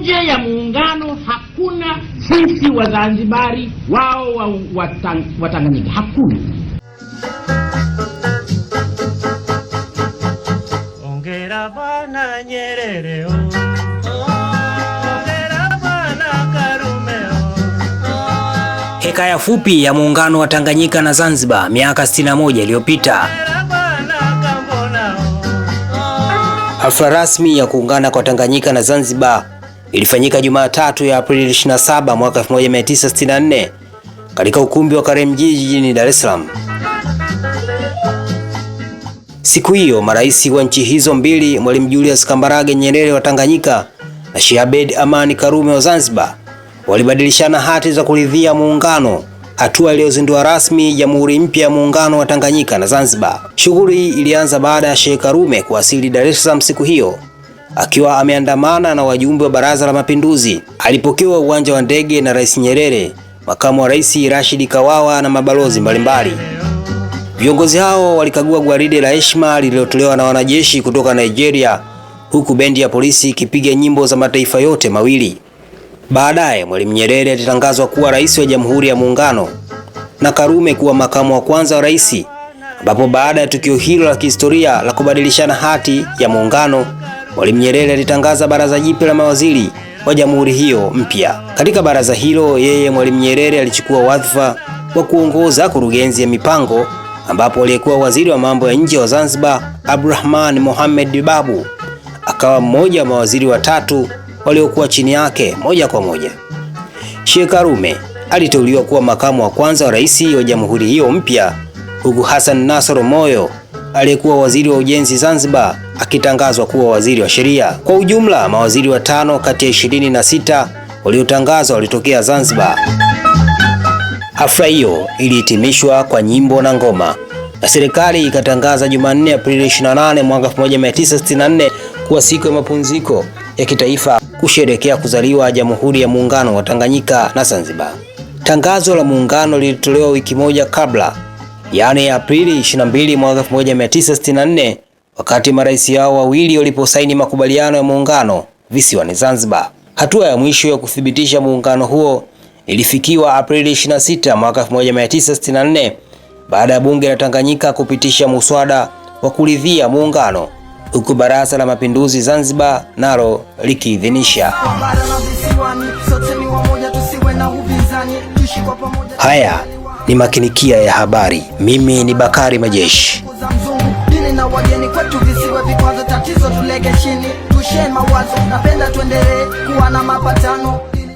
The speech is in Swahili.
nje ya muungano hakuna sisi Wazanzibari, wao Watanganyika, wa, hakuna. Ongera bana Nyerere Hekaya fupi ya muungano wa Tanganyika na Zanzibar miaka 61 iliyopita. Hafla rasmi ya kuungana kwa Tanganyika na Zanzibar ilifanyika Jumatatu ya Aprili 27 mwaka 1964 katika ukumbi wa Karimjee jijini Dar es Salaam. Siku hiyo marais wa nchi hizo mbili, Mwalimu Julius Kambarage Nyerere wa Tanganyika na Sheikh Abed Amani Karume wa Zanzibar walibadilishana hati za kuridhia muungano, hatua iliyozindua rasmi jamhuri mpya ya muungano wa Tanganyika na Zanzibar. Shughuli ilianza baada ya Sheikh Karume kuwasili Dar es Salaam siku hiyo akiwa ameandamana na wajumbe wa Baraza la Mapinduzi. Alipokewa uwanja wa ndege na Rais Nyerere, makamu wa rais Rashidi Kawawa na mabalozi mbalimbali. Viongozi hao walikagua gwaride la heshima lililotolewa na wanajeshi kutoka Nigeria, huku bendi ya polisi ikipiga nyimbo za mataifa yote mawili. Baadaye Mwalimu Nyerere alitangazwa kuwa rais wa Jamhuri ya Muungano na Karume kuwa makamu wa kwanza wa rais, ambapo baada ya tukio hilo la kihistoria la kubadilishana hati ya muungano Mwalimu Nyerere alitangaza baraza jipya la mawaziri wa jamhuri hiyo mpya. Katika baraza hilo, yeye Mwalimu Nyerere alichukua wadhifa wa kuongoza kurugenzi ya mipango, ambapo aliyekuwa waziri wa mambo ya nje wa Zanzibar Abdurahman Mohamed Babu akawa mmoja wa mawaziri watatu waliokuwa chini yake moja kwa moja. Sheikh Karume aliteuliwa kuwa makamu wa kwanza wa rais wa jamhuri hiyo mpya, huku Hassan Nasoro Moyo aliyekuwa waziri wa ujenzi Zanzibar akitangazwa kuwa waziri wa sheria. Kwa ujumla mawaziri watano kati ya ishirini na sita waliotangazwa walitokea Zanzibar. Hafla hiyo ilihitimishwa kwa nyimbo na ngoma na serikali ikatangaza Jumanne Aprili 28 mwaka 1964 kuwa siku ya mapumziko ya kitaifa kusherekea kuzaliwa Jamhuri ya Muungano wa Tanganyika na Zanzibar. Tangazo la muungano lilitolewa wiki moja kabla yaani Aprili 22 mwaka 1964 wakati marais hao wawili waliposaini makubaliano ya muungano visiwani Zanzibar. Hatua ya mwisho ya kuthibitisha muungano huo ilifikiwa Aprili 26 mwaka 1964 baada ya bunge la Tanganyika kupitisha muswada wa kuridhia muungano huku Baraza la Mapinduzi Zanzibar nalo likiidhinisha. Haya ni makinikia ya habari. Mimi ni Bakari Majeshi. Na wageni kwetu vikwazo, tatizo chini, tushe mawazo, napenda tuendelee kuwa na mapatano.